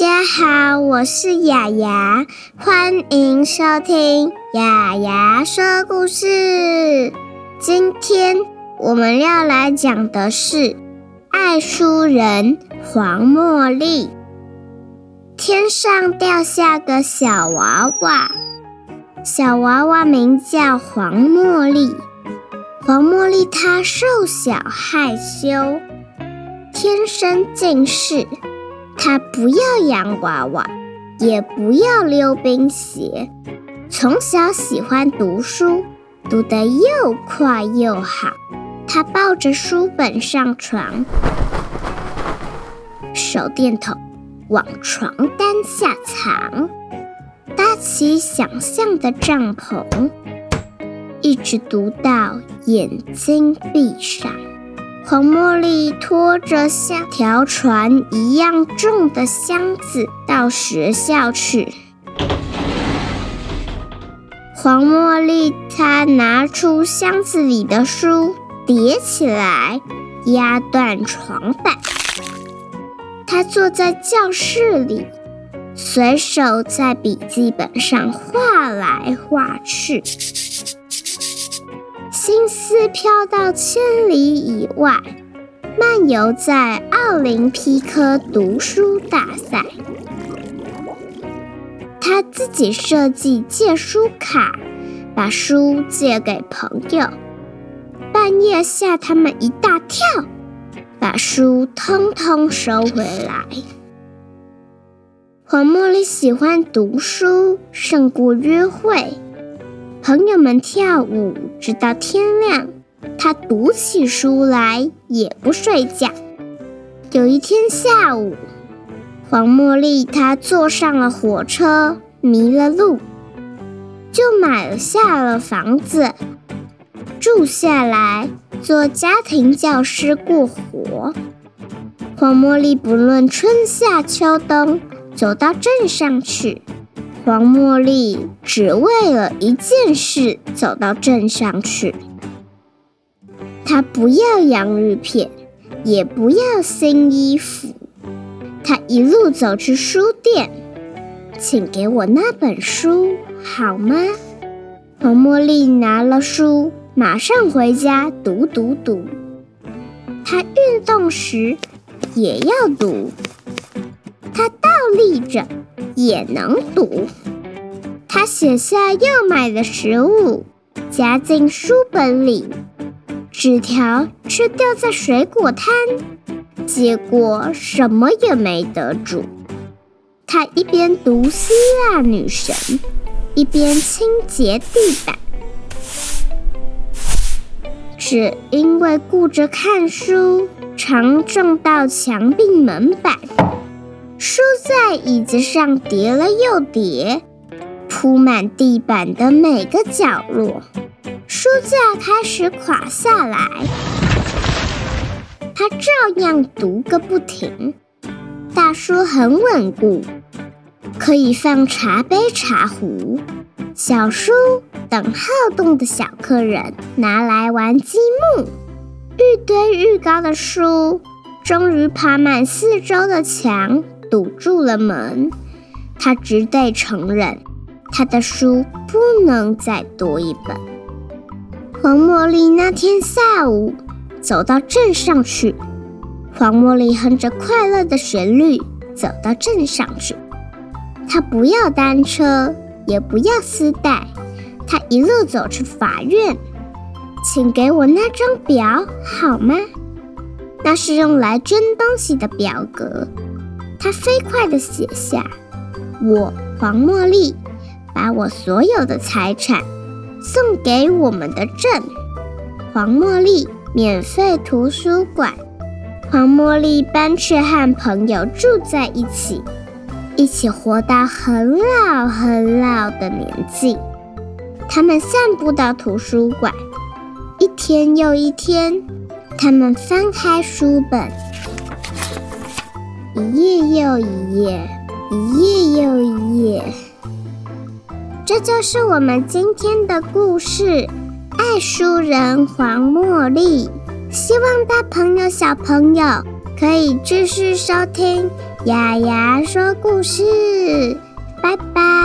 大家好，我是亞亞，歡迎收聽亞亞說故事。今天我們要來講的是愛書人黃茉莉。天上掉下個小娃娃，小娃娃名叫黃茉莉。黃茉莉她瘦小害羞，天生近視。她不要洋娃娃，也不要溜冰鞋，從小喜歡讀書，讀得又快又好。她抱着書本上床，手電筒往床單下藏，搭起想象的帳篷，一直讀到眼睛閉上。黃茉莉拖着像條船一樣重的箱子，到學校去。黃茉莉，她拿出箱子裡的書疊起來，壓斷床板。她坐在教室裡，隨手在筆記本上畫來畫去。金絲飄到千里以外，漫遊在奧林匹克讀書大賽。她自己設計借書卡，把書借給朋友，半夜嚇他們一大跳，把書通通收回來。黃茉莉喜歡讀書勝過約會。朋友們跳舞，直到天亮。他讀起書來也不睡覺。有一天下午，黃茉莉她坐上了火車，迷了路，就買下了房子，住下來做家庭教師過活。黃茉莉不論春夏秋冬，走到鎮上去。黃茉莉只為了一件事走到鎮上去，她不要洋芋片，也不要新衣服，她一路走去書店，請給我那本書好嗎？黃茉莉拿了書，馬上回家讀讀讀，她運動時也要讀，她到。立着也能讀。她寫下要買的食物，夾進書本裡，紙條卻掉在水果攤，結果什麼也沒得煮。她一邊讀希臘女神，一邊清潔地板，只因為顧着看書，常撞到牆壁門板。書在椅子上疊了又疊，鋪滿地板的每個角落。書架開始垮下來，她照樣讀個不停。大書很穩固，可以放茶杯、茶壺、小書等好動的小客人拿來玩積木。愈堆愈高的書，終於爬滿四周的牆。堵住了門，他只得承認，他的書不能再多一本。黃茉莉那天下午走到鎮上去，黃茉莉哼着快樂的旋律走到鎮上去。她不要單車，也不要絲帶，她一路走出法院。請給我那張表好嗎？那是用來捐東西的表格。他飛快地寫下：“我黃茉莉，把我所有的財產送給我們的鎮，黃茉莉免費圖書館。黃茉莉搬去和朋友住在一起，一起活到很老很老的年紀。他們散步到圖書館，一天又一天，他們翻開書本。”一頁又一頁，一頁又一頁。這就是我們今天的故事，愛書人黃茉莉。希望大朋友、小朋友可以繼續收聽亞亞說故事，拜拜。